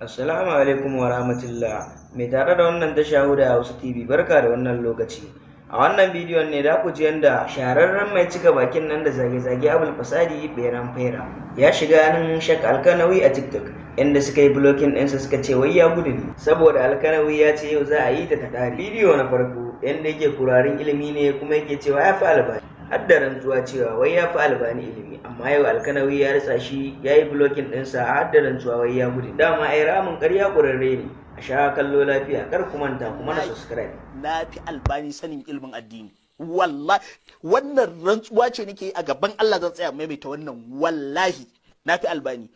Assalamu alaikum wa rahmatullah. Mai tare da wannan tasha da Hausa TV barka da wannan lokaci. A wannan bidiyon ne da ku ji yadda shahararren mai cika bakin nan da zage-zage Abul Fasadi Beran Fera ya shiga nan Shak Alkanawi a TikTok inda suka yi blocking ɗinsa suka ce wai ya gudu ne saboda Alkanawi ya ce yau za a yi ta ta Bidiyo na farko yadda yake kurarin ilimi ne kuma yake cewa ya fi albashi. haddaran zuwa cewa wai ya fi albani ilimi amma yau alkanawi ya rasa shi ya yi blokin ɗinsa a haddaran zuwa wai ya gudu dama ai ramin ƙarya ƙurarre ne a sha kallo lafiya kar ku manta kuma na subscribe na fi albani sanin ilimin addini wallahi wannan rantsuwa ce nake a gaban Allah zan tsaya maimaita wannan wallahi na fi albani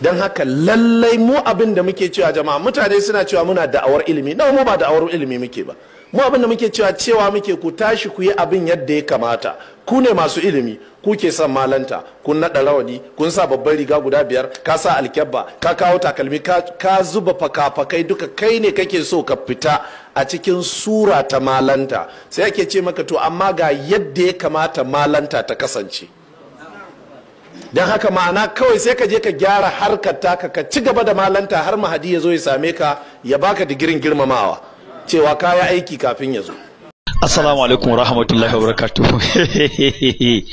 don haka lallai mu abin da muke cewa jama'a mutane suna cewa muna da'awar ilimi nawa mu ba da'awar ilimi muke ba mu abin da muke cewa cewa muke ku tashi ku yi abin yadda ya kamata ku ne masu ilimi ku ke son malanta kun naɗa rawani kun sa babbar riga guda biyar ka sa alkyabba ka kawo takalmi ka zuba fakafakai duka kai ne kake so ka fita a cikin sura ta malanta sai ake ce maka to amma ga yadda ya kamata malanta ta kasance don haka ma'ana kawai sai ka je ka gyara harkar taka ka ci gaba da malanta har mahadi ya zo ya same ka ya baka digirin girmamawa cewa kaya aiki kafin ya zo assalamu alaikum rahmatullahi wa barakatuhu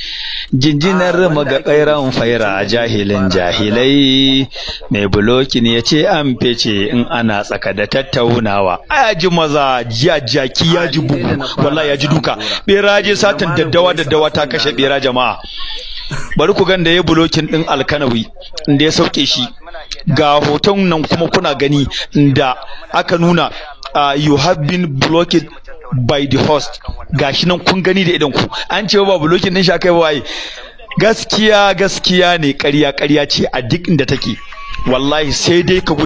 jinjinar ah, magagairan faira a jahilin jahilai mai bulokin ya ce an fece in ana tsaka da tattaunawa a ji maza jaki ya ah, ji bugu wallahi ya ji duka beraje satin daddawa daddawa ta kashe bera jama'a bari ku ganda ya bulokin din alkanawi da ya sauke shi ga hoton nan kuma kuna gani da aka nuna uh, you have been blocked by the host gashi nan kun gani da idan ku an ce ba bulokin din shi akai waye gaskiya gaskiya ne ƙarya ƙarya ce a duk inda take wallahi sai dai ka gudu